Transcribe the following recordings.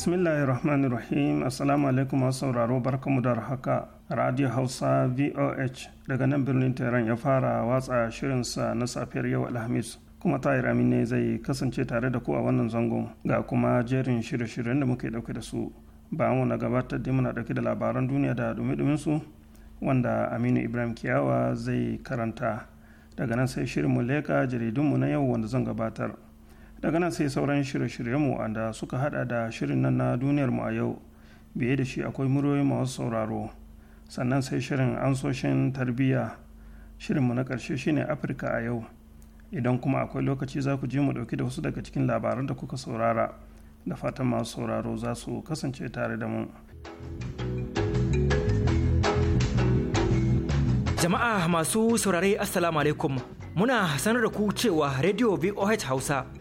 bismillahir rahmanir rahim assalamu alaikum masu sauraro barkamu da haka radio hausa voh daga nan birnin tehran ya fara watsa shirinsa na safiyar yau alhamis kuma tahir amin ne zai kasance tare da ku a wannan zangon ga kuma jerin shirye-shiryen da muke dauke da su ba mu na gabatar da muna dauke da labaran duniya da dumi su wanda aminu ibrahim kiyawa zai karanta daga nan sai shirin mu leka jaridunmu na yau wanda zan gabatar daga nan sai sauran shirye-shiryenmu da suka hada da shirin nan na duniyar mu a yau biye da shi akwai muryoyi masu sauraro sannan sai shirin ansoshin tarbiyya shirinmu na karshe shine afirka a yau idan kuma akwai lokaci za ku je mu ɗauki da wasu daga cikin labaran da kuka saurara da fatan masu sauraro za su kasance tare da mu jama'a masu saurare assalamu alaikum muna sanar da ku cewa radio voh hausa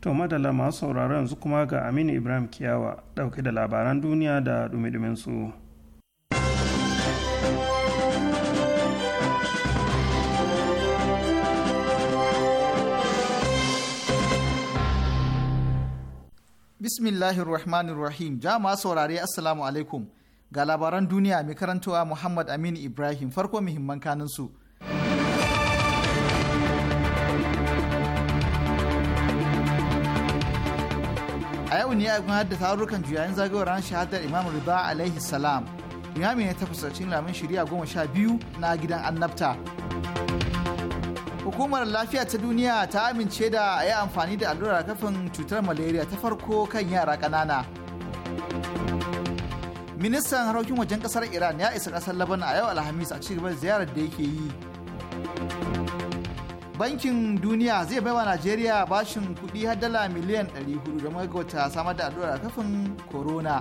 to madalla masu sauraro yanzu kuma ga aminu ibrahim kiyawa ɗauke da labaran duniya da dumi su. bismillahir rahmanir rahim jama'a saurare assalamu alaikum ga labaran duniya mai karantowa muhammad aminu ibrahim farko muhimman kanin a yau ne ya gudanar da tarurrukan juyayin zagayowar ran shahadar imam riba alaihi salam imami ne ta fuskanci lamin shari'a goma sha biyu na gidan annabta hukumar lafiya ta duniya ta amince da a yi amfani da allurar kafin cutar malaria ta farko kan yara ƙanana ministan harkokin wajen kasar iran ya isa kasar laban a yau alhamis a cikin ziyarar da yake yi bankin duniya zai baiwa najeriya bashin kudi har dala miliyan 400 da gaggauta samar da allurar kafin corona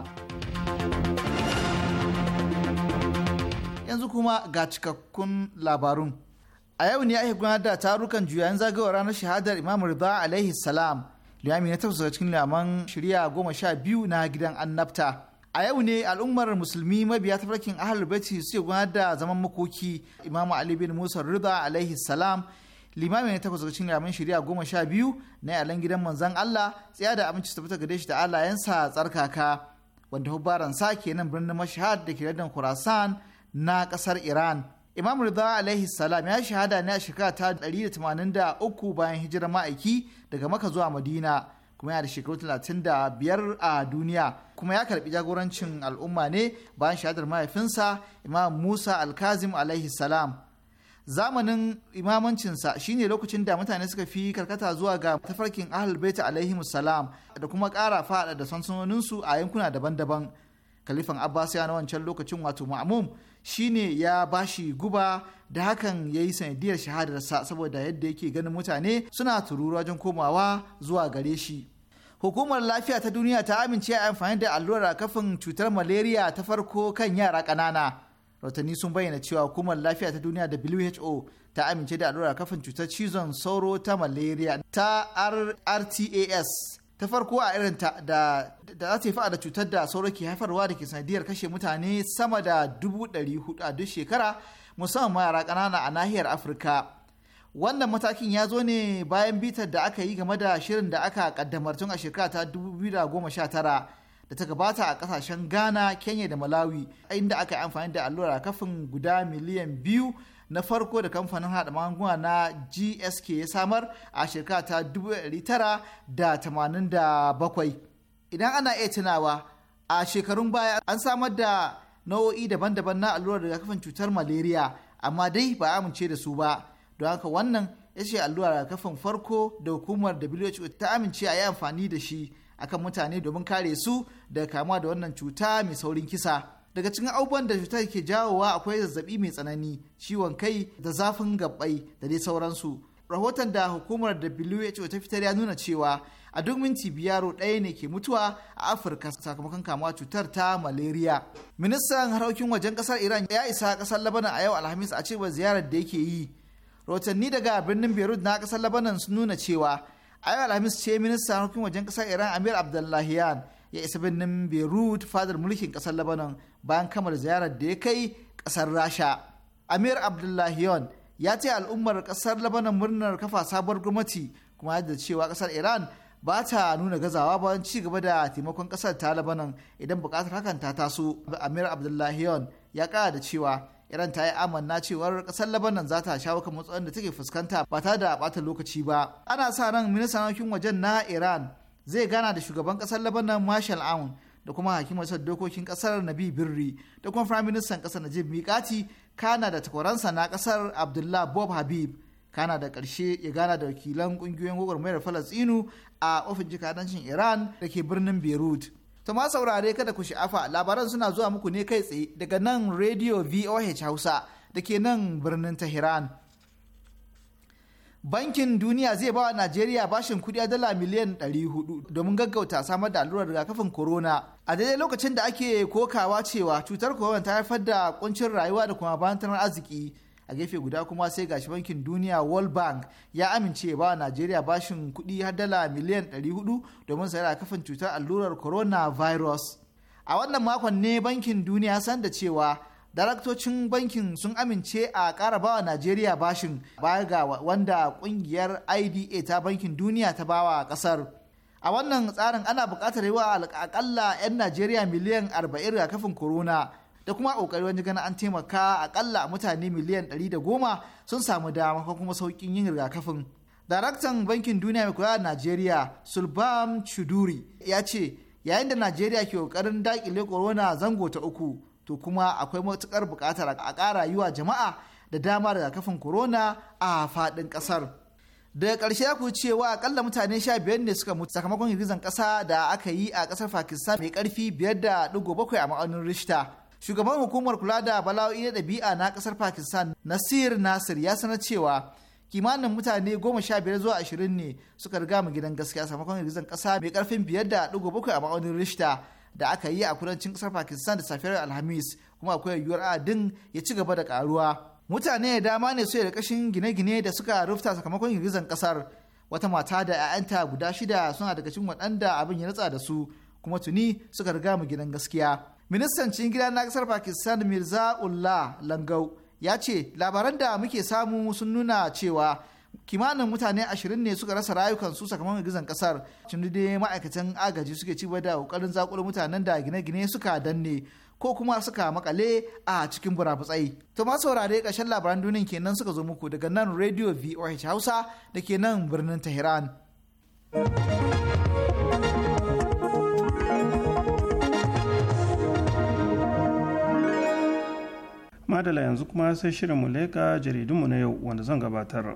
yanzu kuma ga cikakkun labarun a yau ne ake gudanar da tarukan juyayen zagawa ranar shahadar imam rida alaihi salam liyami na tafasa cikin laman shirya goma sha biyu na gidan annabta a yau ne al'ummar musulmi mabiya tafarkin ahlul baiti su gudanar da zaman makoki imam ali bin musa rida alaihi salam Limamin ya tafasa cikin ramin shari'a goma sha biyu na yalan gidan manzan Allah tsaya da abinci su fita gare shi da alayensa tsarkaka wanda hubbaran sa nan birnin mashahad da ke kiradin Khurasan na kasar Iran. Imam Rida alaihi salam ya shahada ne a shekara ta 183 bayan hijirar ma'aiki daga maka zuwa Madina kuma yana da shekaru da biyar a duniya kuma ya karbi jagorancin al'umma ne bayan shahadar mahaifinsa Imam Musa Alkazim alaihi salam. zamanin imamancinsa shine lokacin da mutane suka fi karkata zuwa ga tafarkin ahal baita alaihi musalam da kuma kara faɗa da sansanoninsu a yankuna daban-daban kalifan abbas ya na wancan lokacin wato ma'amum shine ya bashi guba da hakan ya yi sanadiyar shahadarsa saboda yadda yake ganin mutane suna tururu wajen komawa zuwa gare shi hukumar lafiya ta duniya ta amince a amfani da allurar kafin cutar malaria ta farko kan yara ƙanana rahotanni sun bayyana cewa hukumar lafiya ta duniya who ta amince da allurar kafin cutar cizon sauro ta malaria ta rtas ta farko a irin ta da za ta yi da cutar da sauro ke haifarwa da ke sanadiyar kashe mutane sama da dubu dari hudu a duk shekara musamman yara kanana a nahiyar afirka wannan matakin ya zo ne bayan bitar da aka yi game da shirin da aka kaddamar tun a shekara ta 2019 da ta gabata a kasashen ghana kenya da malawi inda aka yi amfani da allurar kafin guda miliyan biyu na farko da kamfanin hada magunguna na gsk ya samar a shekara ta 1987 idan ana iya tunawa a shekarun baya an samar da nau'o'i daban-daban na allurar rigakafin cutar malaria amma dai ba amince da su ba don haka wannan ya ce allurar rigakafin farko da hukumar who ta amince a yi amfani da shi akan mutane domin kare su da kamuwa da wannan cuta mai saurin kisa. daga cikin abubuwan da cutar ke jawowa akwai zazzabi mai tsanani ciwon kai da zafin gabbai da dai sauransu rahoton da hukumar who ta fitar ya nuna cewa a duk minti biyar ɗaya ne ke mutuwa a afirka sakamakon kamuwa cutar ta malaria ministan harkokin wajen ƙasar iran ya isa kasar labanan a yau alhamis a cewar ziyarar da yake yi rahotanni daga birnin beirut na kasar labanan sun nuna cewa a yau alhamis ce ministan harkokin wajen kasar iran amir abdullahiyan ya isa birnin beirut fadar mulkin kasar lebanon bayan kamar ziyarar da ya kai kasar rasha amir abdullahiyan ya ce al'ummar kasar lebanon murnar kafa sabuwar gwamnati kuma da cewa kasar iran ba ta nuna gazawa bayan ci gaba da taimakon kasar ta lebanon idan bukatar hakan ta taso amir abdullahiyan ya kara da cewa iran ta yi amanna cewar kasar labanan za ta shawo kan matsalolin da take fuskanta ba ta da bata lokaci ba ana sa ran ministan harkokin wajen na iran zai gana da shugaban kasar labanan marshal aun da kuma hakimar sa dokokin kasar nabi birri da kuma firayim ministan kasar najib mikati kana da takwaransa na kasar abdullah bob habib kana da karshe ya gana da wakilan ƙungiyoyin gwagwarmayar falastinu a ofin jikadancin iran da ke birnin beirut To ma saurare kada ku sha'afa labaran suna zuwa muku ne kai tsaye daga nan Radio VOH Hausa da ke nan birnin Tehran. Bankin Duniya zai ba wa Najeriya bashin kudi a dala miliyan 400 domin gaggauta samar da allurar rigakafin corona. A daidai lokacin da ake kokawa cewa cutar corona ta haifar da kuncin rayuwa da kuma bantar arziki. a gefe guda kuma sai gashi bankin duniya world bank ya amince ba najeriya bashin kuɗi har dala miliyan 400 domin sayar a kafin cutar allurar coronavirus a wannan makon ne bankin duniya san da cewa daraktocin bankin sun amince a ƙara bawa najeriya bashin baya ga wanda ƙungiyar ida ta bankin duniya ta bawa ƙasar a wannan tsarin ana bukatar yi wa akalla 'yan najeriya miliyan 40 kafin corona da kuma kokari wajen ganin an taimaka akalla mutane miliyan 110 sun samu dama ko kuma saukin yin rigakafin daraktan bankin duniya mai kula da najeriya sulbam chuduri ya ce yayin da najeriya ke kokarin dakile korona zango ta uku to kuma akwai matukar bukatar a kara yi jama'a da dama rigakafin korona a faɗin ƙasar daga ƙarshe ya ku cewa akalla mutane sha biyar ne suka mutu sakamakon girgizan ƙasa da aka yi a ƙasar pakistan mai karfi biyar da digo bakwai a ma'aunin rishta shugaban hukumar kula da bala'o'i na ɗabi'a na ƙasar pakistan nasir nasir ya sanar cewa kimanin mutane goma sha biyar zuwa ashirin ne suka riga mu gidan gaskiya sakamakon girgizar ƙasa mai ƙarfin biyar da ɗigo bakwai a ma'aunin rishta da aka yi a kudancin ƙasar pakistan da safiyar alhamis kuma akwai yiwuwar A'din ya ci gaba da ƙaruwa mutane da dama ne su da kashin gine-gine da suka rufta sakamakon girgizar ƙasar wata mata da 'ya'yanta guda shida suna daga cikin waɗanda abin ya ratsa da su kuma tuni suka riga mu gidan gaskiya ministan cikin gida na kasar pakistan mirza ullah langau ya ce labaran da muke samu sun nuna cewa kimanin mutane ashirin ne suka rasa rayukansu sakamakon girgizan kasar dai ma'aikatan agaji suke ci da kokarin zakulo mutanen da gine-gine suka danne ko kuma suka makale a cikin burafutsai to ma saurare ƙarshen labaran duniya kenan suka zo muku daga nan radio voh hausa da ke nan birnin tehran madala yanzu kuma sai shirin mu leƙa jaridunmu na yau wanda zan gabatar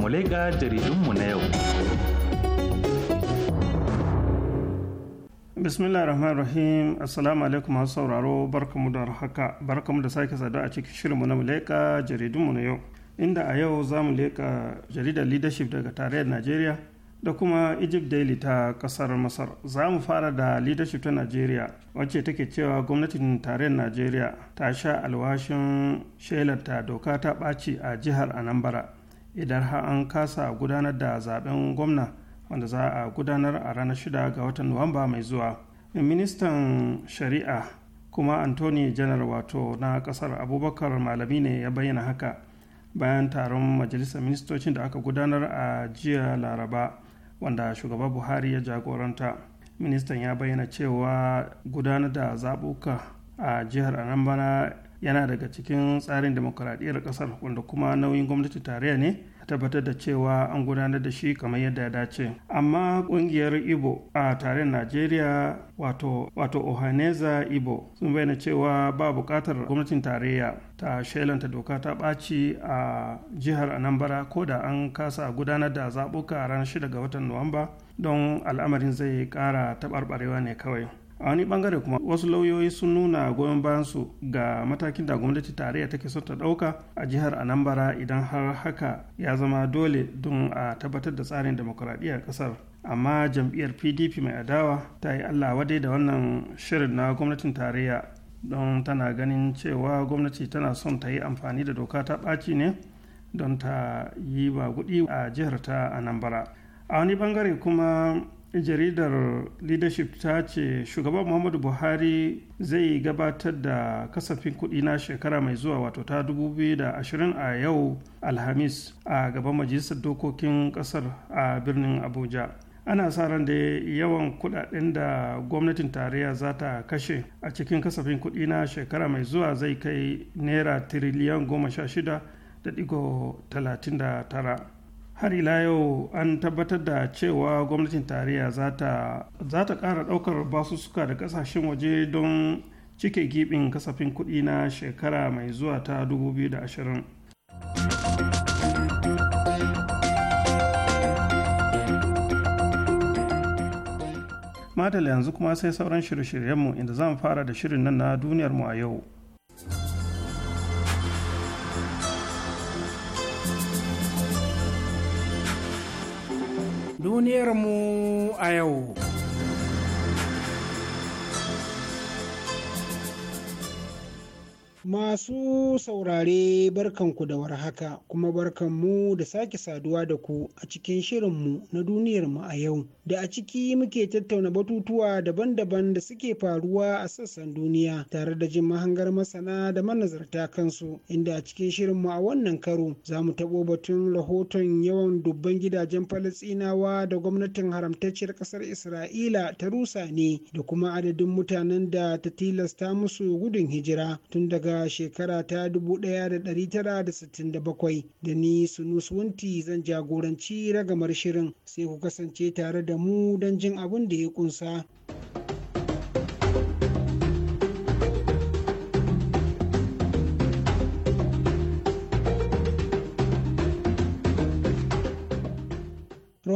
Mulega jaridunmu na yau. Bismillah rahman rahim Assalamu alaikum masu sauraro barkamu da haka barkamu da sake sadu a cikin shirinmu na leka jaridunmu na yau. Inda a yau za mu leƙa jaridar leadership daga tarayyar Najeriya da kuma egypt daily ta kasar masar za mu fara da leadership ta nigeria wacce take cewa gwamnatin tarayyar nigeria ta sha alwashin shelarta doka ta ɓaci a jihar anambra idan har an kasa gudanar da zaben gwamna wanda za a gudanar a ranar shida ga watan nuwamba mai zuwa ministan shari'a kuma antony janar wato na kasar abubakar malami ne ya bayyana haka bayan taron majalisar ministocin da aka gudanar a jiya laraba wanda shugaba buhari ya jagoranta ministan ya bayyana cewa gudanar da zaɓuka a jihar anambra yana daga cikin tsarin demokuraɗiyyar ƙasar wanda kuma nauyin gwamnati tarayya ne a tabbatar da cewa an gudanar da shi kamar yadda ya dace amma ƙungiyar ibo a tarayyar najeriya wato ohaneza ibo sun bayyana cewa ba buƙatar gwamnatin tarayya ta shailanta doka ta ɓaci a jihar anambra ko da an kasa gudanar da zaɓuka ranar shida ga watan nuwamba don al'amarin zai ƙara taɓarɓarewa ne kawai a wani bangare kuma wasu lauyoyi sun nuna goyon bayan su ga matakin da gwamnati tarayya take son ta ɗauka a jihar anambra idan har haka ya zama dole don a tabbatar da tsarin a ƙasar. amma jam'iyyar pdp mai adawa ta yi allah wadai da wannan shirin na gwamnatin tarayya don tana ganin cewa gwamnati tana son ta yi amfani da doka ta ɓaci ne don ta yi ba guɗi a jihar ta anambra a wani bangare kuma jaridar leadership ta ce shugaban muhammadu buhari zai gabatar da kasafin kuɗi na shekara mai zuwa wato ta 2020 a yau alhamis a gaban majalisar dokokin ƙasar a birnin abuja ana sa ran da yawan kudaden da gwamnatin tarayya za ta kashe a cikin kasafin kuɗi na shekara mai zuwa zai kai naira tiriliyan goma sha shida da digo talatin da tara har ila yau an tabbatar da cewa gwamnatin tarayya za ta ƙara ɗaukar basussuka da kasashen waje don cike gibin kasafin kuɗi na shekara mai zuwa ta 2020 matala yanzu kuma sai sauran shirye-shiryenmu inda zan fara da shirin nan na duniyarmu a yau duniyarmu a yau. Masu saurare barkanku da warhaka kuma barkanmu da sake saduwa da ku a cikin shirinmu na duniyarmu a yau da a ciki muke tattauna batutuwa daban-daban da suke faruwa a sassan duniya tare da jin mahangar masana da manazarta kansu inda a cikin shirinmu a wannan karo za mu taɓo batun rahoton yawan dubban gidajen falasinawa da gwamnatin haramtacciyar ƙasar isra'ila ta rusa ne da kuma adadin mutanen da ta tilasta musu gudun hijira tun daga A shekara ta 1967 da ni sunus wunti zan jagoranci ragamar shirin sai ku kasance tare da mu don jin abin da ya kunsa.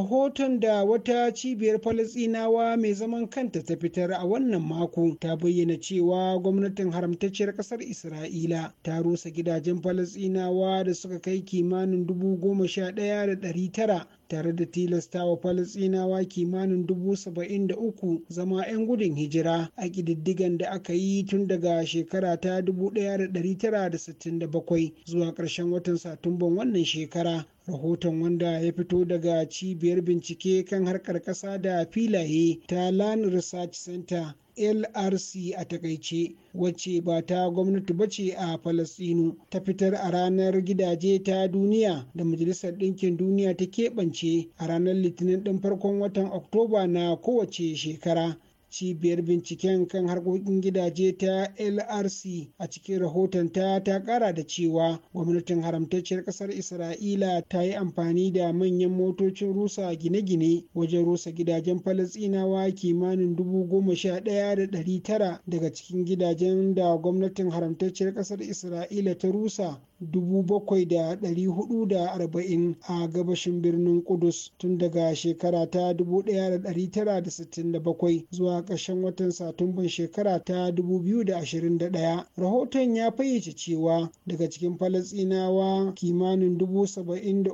rahoton da wata cibiyar falasinawa mai zaman kanta ta fitar a wannan mako ta bayyana cewa gwamnatin haramtacciyar kasar isra'ila ta rusa gidajen falasinawa da suka kai kimanin dubu goma sha ɗaya da ɗari tara tare da tilasta tilastawa falasinawa kimanin dubu saba'in da uku zama 'yan gudun hijira a ƙididdigan da aka yi tun daga shekara ta dubu da da da tara sittin bakwai, zuwa ƙarshen watan satumban wannan shekara rahoton wanda ya fito daga cibiyar bincike kan harkar ƙasa da filaye ta land research center LRC a takaice wacce ba ta gwamnati ba ce a Falasinu? ta fitar a ranar gidaje ta duniya da Majalisar Ɗinkin Duniya ta keɓance a ranar Litinin ɗin farkon watan Oktoba na kowace shekara. cibiyar binciken kan harkokin gidaje ta lrc a cikin rahotonta ta kara da cewa gwamnatin haramtacciyar kasar isra'ila ta yi amfani da manyan motocin rusa gine-gine wajen rusa gidajen falasinawa kimanin dubu goma sha ɗaya da ɗari tara daga cikin gidajen da gwamnatin haramtacciyar kasar isra'ila ta rusa 7,440 a gabashin birnin Kudus tun daga shekara ta 1967 zuwa ƙarshen watan Satumban shekara ta 2021. Rahoton ya fayyace cewa daga cikin Falasinawa, kimanin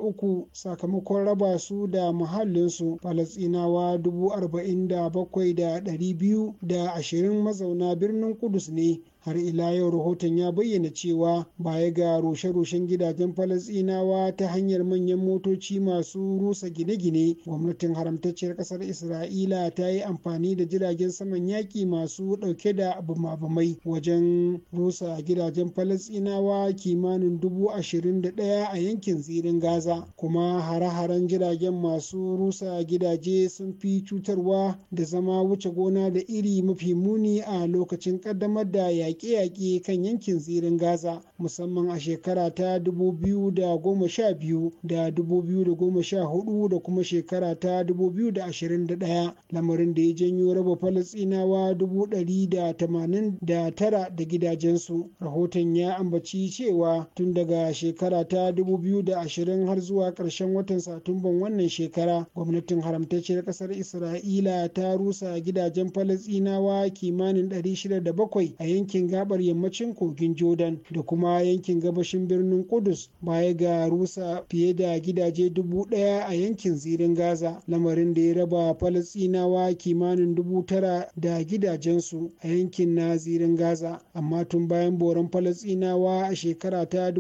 uku, sakamakon raba su da muhallinsu Falasɗinawa 47,220 mazauna birnin Kudus ne har ila yau rahoton ya bayyana cewa baya ga rushe-rushen gidajen falasinawa ta hanyar manyan motoci masu rusa gine-gine gwamnatin haramtacciyar kasar isra'ila ta yi amfani da jiragen saman yaƙi masu ɗauke da bamabamai wajen rusa gidajen falasinawa kimanin dubu ashirin da ɗaya a yankin zirin gaza kuma hare-haren jiragen masu rusa gidaje sun fi cutarwa da zama wuce gona da iri mafi muni a lokacin ƙaddamar da ya yaƙe-yaƙe kan yankin zirin gaza musamman a shekara ta 2012 da 2014 da kuma shekara ta 2021 lamarin da ya janyo raba falasinawa 189 da gidajensu rahoton ya ambaci cewa tun daga shekara ta 2020 har zuwa ƙarshen watan satumban wannan shekara gwamnatin haramtacciyar ƙasar isra'ila ta rusa gidajen falasinawa kimanin 607 a yankin yankin gabar yammacin kogin jordan da kuma yankin gabashin birnin kudus baya ga rusa fiye da gidaje dubu daya a yankin zirin gaza lamarin da ya raba falastinawa kimanin dubu tara da gidajensu a yankin na zirin gaza amma tun bayan boran falasinawa a shekara ta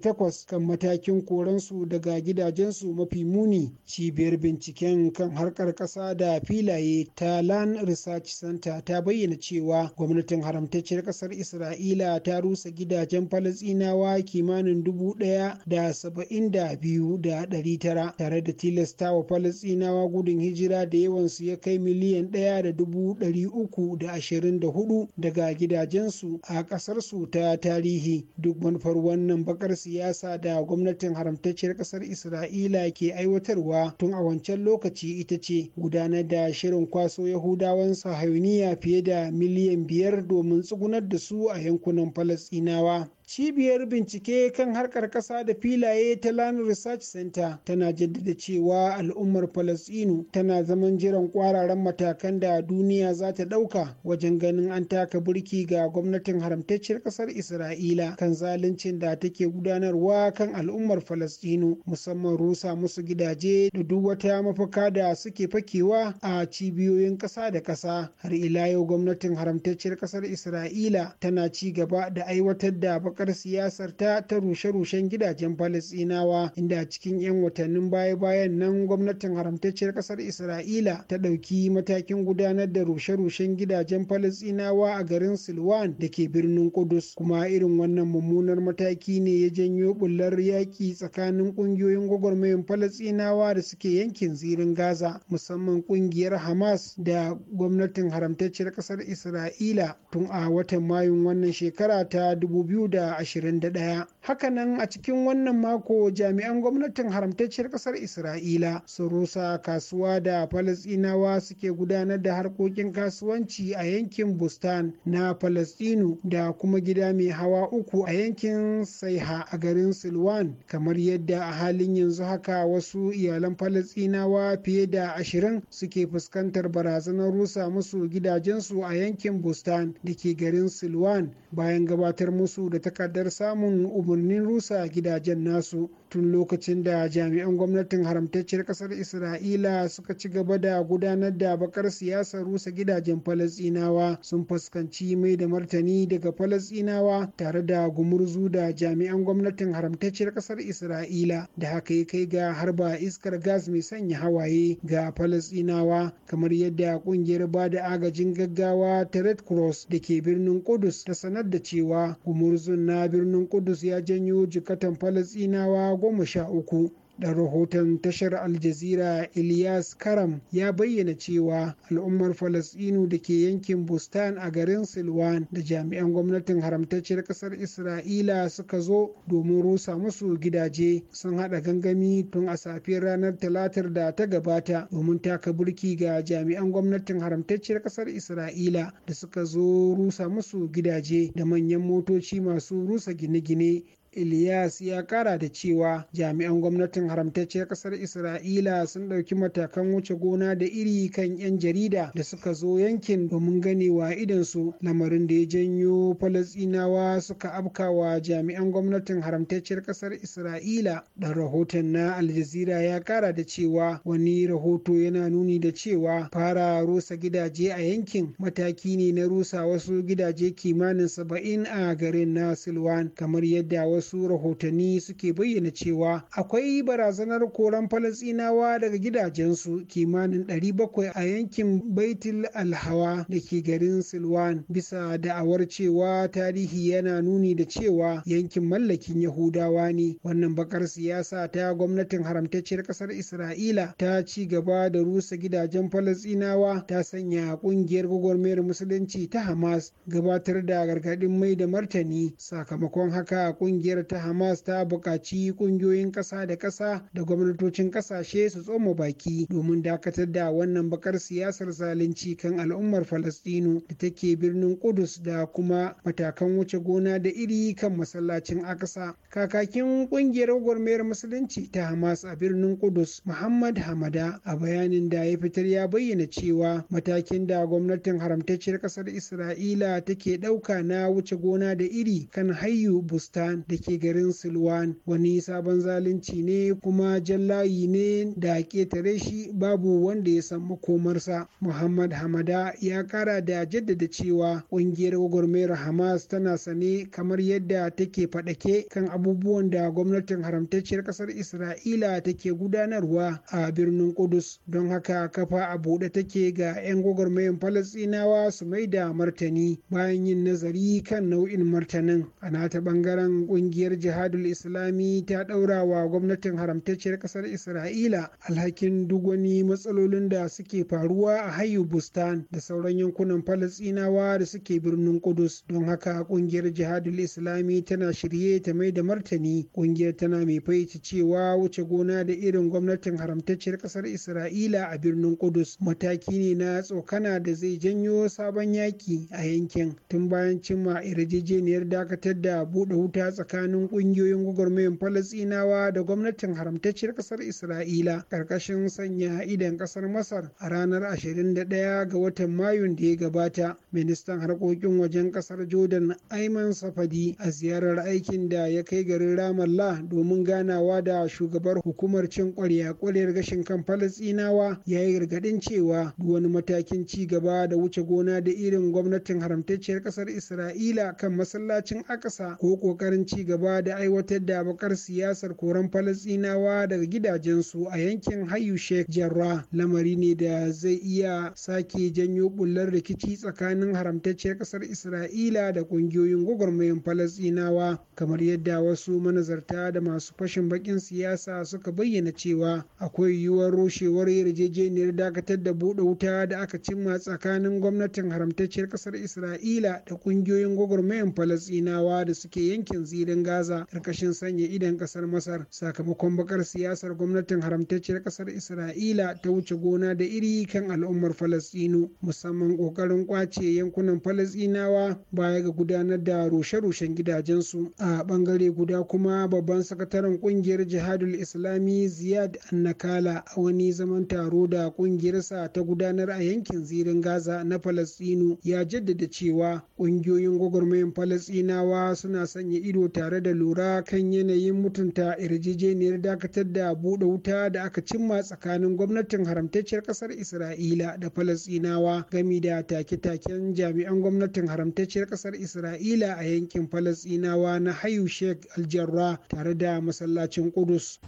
takwas kan matakin koransu daga gidajensu mafi muni cibiyar binciken kan harkar ƙasa da filaye ta land research center ta bayyana cewa gwamnatin haramtacciyar kasar isra'ila ta rusa gidajen falasinawa kimanin dubu ɗaya da saba'in da biyu da ɗari tara tare da tilasta wa falasinawa gudun hijira da yawansu ya kai miliyan ɗaya da dubu ɗari uku da ashirin da hudu daga gidajensu a ƙasarsu ta tarihi duk manufar wannan bakar siyasa da gwamnatin haramtacciyar kasar isra'ila ke aiwatarwa tun a wancan lokaci ita ce gudanar da shirin kwaso yahudawan sahayuniya fiye da miliyan biyar domin tsugunar da su a yankunan falasɗinawa cibiyar bincike kan harkar ƙasa da filaye ta land research center tana jaddada cewa al'ummar falasinu tana zaman jiran kwararan matakan da duniya za ta ɗauka wajen ganin an taka burki ga gwamnatin haramtacciyar ƙasar isra'ila kan zaluncin da take gudanarwa kan al'ummar falasinu musamman rusa musu gidaje da duk wata mafaka da suke fakewa a cibiyoyin ƙasa da ƙasa har ila yau gwamnatin haramtacciyar ƙasar isra'ila tana ci gaba da aiwatar da bakar siyasar ta ta rushe-rushen gidajen falasinawa inda cikin 'yan watannin baya-bayan nan gwamnatin haramtacciyar kasar isra'ila ta ɗauki matakin gudanar da rushe-rushen gidajen falasinawa a garin silwan da ke birnin kudus kuma irin wannan mummunar mataki ne ya janyo bullar yaƙi tsakanin ƙungiyoyin gwagwarmayin falasinawa da suke yankin zirin gaza musamman ƙungiyar hamas da gwamnatin haramtacciyar kasar isra'ila tun a watan mayun wannan shekara ta 2000 da 21 Hakanan a cikin wannan mako jami'an gwamnatin haramtacciyar kasar Isra'ila sun rusa kasuwa da Falasɗinawa suke gudanar da harkokin kasuwanci a yankin Bustan na Falasɗinu da kuma gida mai hawa uku a yankin Saiha a garin Silwan kamar yadda a halin yanzu haka wasu iyalan Falasɗinawa fiye da ashirin suke fuskantar barazanar rusa musu gidajensu a yankin Bustan da ke garin Silwan bayan gabatar musu da takardar samun umarni shugabannin rusa a gidajen nasu tun lokacin da jami'an gwamnatin haramtacciyar kasar isra'ila suka ci gaba da gudanar da bakar siyasar rusa gidajen falasinawa sun fuskanci mai da martani daga falasinawa tare da gumurzu da jami'an gwamnatin haramtacciyar kasar isra'ila da haka ya kai ga harba iskar gas mai sanya hawaye ga falasinawa kamar yadda kungiyar ba da agajin gaggawa ta red cross da ke birnin kudus ta sanar da cewa gumurzun na birnin kudus ya janyo jikatan falasinawa goma sha uku da rahoton tashar aljazira ilyas karam ya bayyana cewa al'ummar falasɗinu da ke yankin bustan a garin silwan da jami'an gwamnatin haramtacciyar kasar isra'ila suka zo domin rusa musu gidaje sun haɗa gangami tun a safiyar ranar talatar da ta gabata domin taka burki ga jami'an gwamnatin haramtacciyar kasar isra'ila da suka zo rusa musu gidaje da manyan motoci masu rusa gine-gine Ilyas ya kara da cewa jami'an gwamnatin haramtacciyar kasar Isra'ila sun ɗauki matakan wuce gona da iri kan 'yan jarida da suka zo yankin domin ganewa idansu lamarin da ya janyo falasinawa suka afkawa jami'an gwamnatin haramtacciyar kasar Isra'ila. Da rahoton na Al Jazeera ya kara da cewa wani rahoto yana nuni da cewa fara rusa gidaje a yankin mataki ne na rusa wasu gidaje kimanin saba'in a garin na Silwan kamar yadda wasu su rahotanni suke bayyana cewa akwai barazanar koran falasinawa daga gidajensu kimanin 700 a yankin baitul alhawa da ke garin silwan bisa da'awar cewa tarihi yana nuni da cewa yankin mallakin yahudawa ne wannan bakar siyasa ta gwamnatin haramtacciyar kasar isra'ila ta ci gaba da rusa gidajen falasinawa ta sanya kungiyar gwagwarmayar musulunci ta hamas gabatar da gargadin mai da martani sakamakon haka kungiyar ƙungiyar ta hamas ta buƙaci ƙungiyoyin ƙasa da ƙasa da gwamnatocin ƙasashe su tsoma baki domin dakatar da wannan bakar siyasar zalunci kan al'ummar falastinu da take birnin kudus da kuma matakan wuce gona da iri kan masallacin Aƙasa. kakakin ƙungiyar gwarmayar musulunci ta hamas a birnin kudus muhammad hamada a bayanin da ya fitar ya bayyana cewa matakin da gwamnatin haramtacciyar ƙasar isra'ila take ɗauka na wuce gona da iri kan hayu bustan da ke garin silwan wani sabon zalunci ne kuma jallayi ne da ketare shi babu wanda ya san makomarsa muhammad hamada ya kara da jaddada cewa ƙungiyar gwagwarmayar hamas tana sane kamar yadda take faɗake kan abubuwan da gwamnatin haramtacciyar ƙasar isra'ila take gudanarwa a birnin kudus don haka kafa a buɗe take ga 'yan gwagwarmayar falastinawa su mai da martani bayan yin nazari kan nau'in martanin a nata ɓangaren kungiyar jihadul islami ta daura wa gwamnatin haramtacciyar kasar isra'ila alhakin duk wani matsalolin da suke faruwa a hayu bustan da sauran yankunan falasinawa da suke birnin kudus don haka kungiyar jihadul islami tana shirye ta mai da martani kungiyar tana mai faici cewa wuce gona da irin gwamnatin haramtacciyar kasar isra'ila a birnin kudus mataki ne na tsokana da zai janyo sabon yaki a yankin tun bayan cimma yarjejeniyar dakatar da buɗe wuta tsakanin tsakanin ƙungiyoyin gwagwarmayin falasinawa da gwamnatin haramtacciyar ƙasar isra'ila ƙarƙashin sanya idan ƙasar masar a ranar 21 ga watan mayun da ya gabata ministan harkokin wajen ƙasar jordan aiman safadi a ziyarar aikin da ya kai garin ramallah domin ganawa da shugabar hukumar cin ƙwarya ƙwarya gashin kan falasinawa ya yi gargaɗin cewa duk wani matakin ci gaba da wuce gona da irin gwamnatin haramtacciyar ƙasar isra'ila kan masallacin akasa ko ƙoƙarin ci gaba da aiwatar da bakar siyasar koran falasinawa daga gidajensu a yankin hayu sheikh jarrah lamari ne da zai iya sake janyo bullar rikici tsakanin haramtacciyar kasar isra'ila da kungiyoyin gwagwarmayin falasinawa kamar yadda wasu manazarta da masu fashin bakin siyasa suka bayyana cewa akwai yiwuwar rushewar yarjejeniyar dakatar da buɗe wuta da aka cimma tsakanin gwamnatin haramtacciyar kasar isra'ila da kungiyoyin gwagwarmayin falasinawa da suke yankin zirin zirin gaza karkashin sanya idon ƙasar masar sakamakon bakar siyasar gwamnatin haramtacciyar kasar isra'ila ta wuce gona da iri kan al'ummar falasɗinu musamman ƙoƙarin kwace yankunan falastinawa baya ga gudanar da rushe-rushen gidajensu a bangare guda kuma babban sakataren ƙungiyar jihadul islami ziyad annakala a wani zaman taro da ƙungiyarsa ta gudanar a yankin zirin gaza na falasɗinu ya jaddada cewa ƙungiyoyin gwagwarmayin falasɗinawa suna sanya ido tare tare da lura kan yanayin mutunta yarjejeniyar dakatar da buɗe wuta da aka cimma tsakanin gwamnatin haramtacciyar ƙasar isra'ila da Falasinawa gami da take-taken jami'an gwamnatin haramtacciyar ƙasar isra'ila a yankin Falasinawa na hayu sheikh aljarra tare da masallacin kudus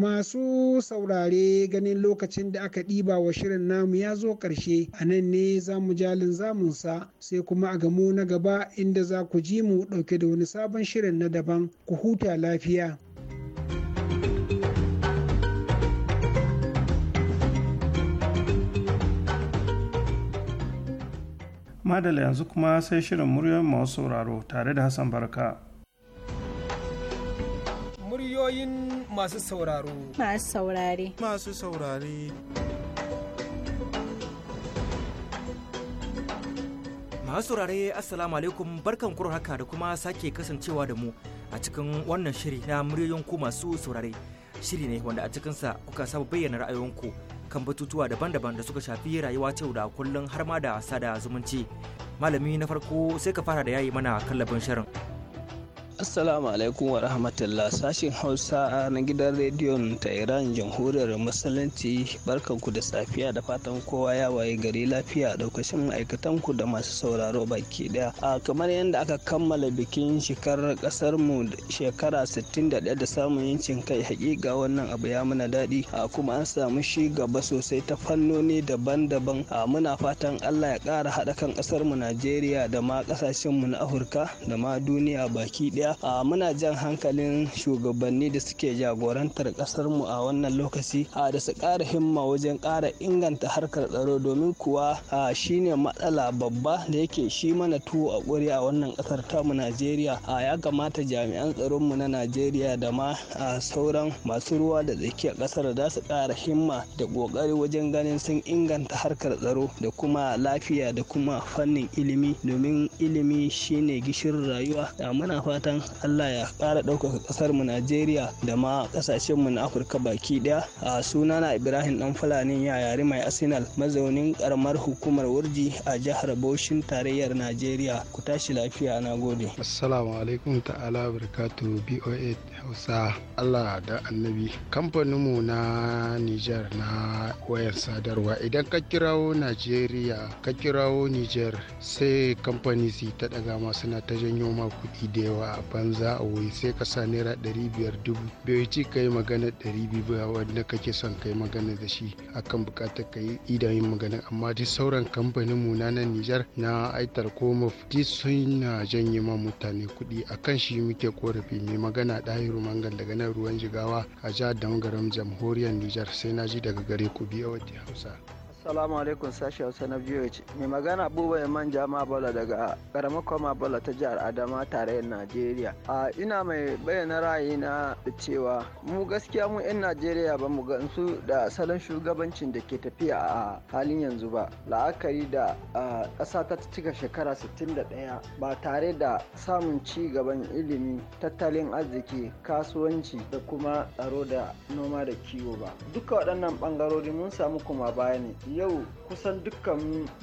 masu saurare ganin lokacin da aka ɗiba wa shirin namu ya zo ƙarshe a nan ne za mu jalin zamunsa sai kuma a gamu na gaba inda za ku ji mu ɗauke da wani sabon shirin na daban ku huta lafiya. madala yanzu kuma sai shirin muryar masu sauraro tare da hassan barka Muryoyin masu sauraro. Masu saurare. Masu saurare. Masu saurare Assalamu alaikum barkan kuro haka da kuma sake kasancewa da mu a cikin wannan shiri na muryoyin masu saurare. Shiri ne wanda a cikinsa kuka saba bayyana ra'ayoyinku kan batutuwa daban-daban da suka shafi rayuwa ta yau da kullum har ma da sada zumunci. Malami na farko sai ka fara da yayi mana kallabin shirin. Assalamu alaikum wa rahmatullah sashin Hausa na gidan rediyon ta Iran jamhuriyar Musulunci barkanku da safiya da fatan kowa ya waye gari lafiya daukashin ma'aikatan ku da masu sauraro baki daya. A kamar yadda aka kammala bikin shekarar kasar mu shekara 61 da samun yancin kai hakika wannan abu ya muna daɗi a kuma an samu shi gaba sosai ta fannoni daban-daban a muna fatan Allah ya ƙara haɗa kan kasar mu Najeriya da ma ƙasashen mu na Afirka da ma duniya baki daya a muna jan hankalin shugabanni da suke jagorantar kasar mu a wannan lokaci a da su ƙara himma wajen ƙara inganta harkar tsaro domin kuwa shine matsala babba da yake shi mana tuwo a ƙuri a wannan ƙasar mu Najeriya a ya kamata jami'an tsaron mu na Najeriya da ma sauran masu ruwa da tsaki a ƙasar da su ƙara himma da ƙoƙari wajen ganin sun inganta harkar tsaro da kuma lafiya da kuma fannin ilimi domin ilimi shine gishirin rayuwa muna fatan allah ya ƙara ɗaukaka ƙasar mu najeriya da ma ƙasashen mu na afirka baki ɗaya a sunana ibrahim ɗan fulani yare mai arsenal mazaunin ƙaramar hukumar wurji a jihar bauchin tarayyar najeriya ku tashi lafiya na gode assalamu alaikum ta'ala barakatuhu boa hausa allah da annabi kamfaninmu na niger na wayan sadarwa idan ka kirawo najeriya ka kirawo niger sai kamfani su ta daga masu na ta janyo ma kuɗi da yawa a banza a wuri sai ka sa naira ɗari biyar dubu bai ci ka yi magana ɗari biyu ba wanda kake son ka yi magana da shi akan bukatar ka yi idan yin magana amma duk sauran kamfaninmu na nan niger na aitar ko mafiti sun na janye ma mutane kuɗi akan shi muke korafi mai magana ɗaya ɗahiru mangal daga nan ruwan jigawa a jihar damgaram jamhuriyar nijar sai na ji daga gare ku biya wadda hausa Salamu alaikum sashi Hausa na VOH. Mai magana Abubuwa manja ma bala daga karamar Koma ta jihar Adama tarayyar Najeriya. A ina mai bayyana ra'ayina da cewa mu gaskiya mu 'yan Najeriya ba mu gansu da salon shugabancin da ke tafiya a halin yanzu ba. La'akari da ƙasa ta cika shekara 61 ba tare da samun ci gaban ilimi, tattalin arziki, kasuwanci da kuma tsaro da noma da kiwo ba. Duka waɗannan bangarori mun samu kuma baya ne. yau kusan dukkan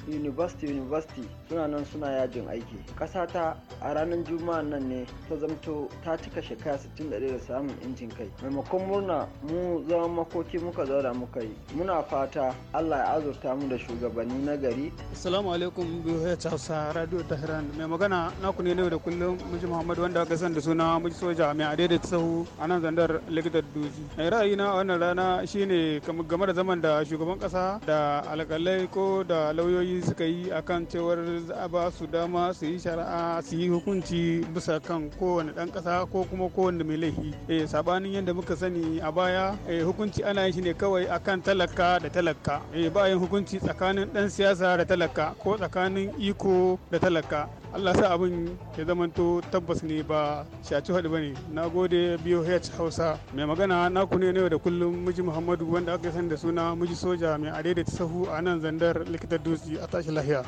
university university suna nan suna yajin aiki ƙasa ta a ranar juma'a nan ne ta zamto ta cika shekara 61 da samun injin kai maimakon murna mu zama makoki muka zauna muka yi muna fata allah ya azurta mu da shugabanni na gari assalamu alaikum bihoya hausa radio tehran mai magana naku ne yau da kullum miji muhammad wanda aka san da suna miji soja mai ta sahu a nan zandar likitar duji ra'ayina a wannan rana shine game da zaman da shugaban kasa da alƙalai ko da lauyoyi suka yi akan cewar za ba su dama su yi shari'a su yi hukunci bisa kan kowane ɗan ƙasa ko kuma kowane mai laifi eh, saɓanin yadda muka sani a baya eh hukunci ana yin shi ne kawai akan talaka da talaka eh ba yin hukunci tsakanin ɗan siyasa da talaka ko tsakanin iko da talaka Allah sa abin ya zamanto tabbas ne ba shaci haɗu ba ne. Na gode biyo H Hausa. Mai magana na ku ne yau da kullum miji Muhammadu wanda aka san da suna miji soja mai adaidaita sahu a nan zandar likitar dutse a tashi lahiya.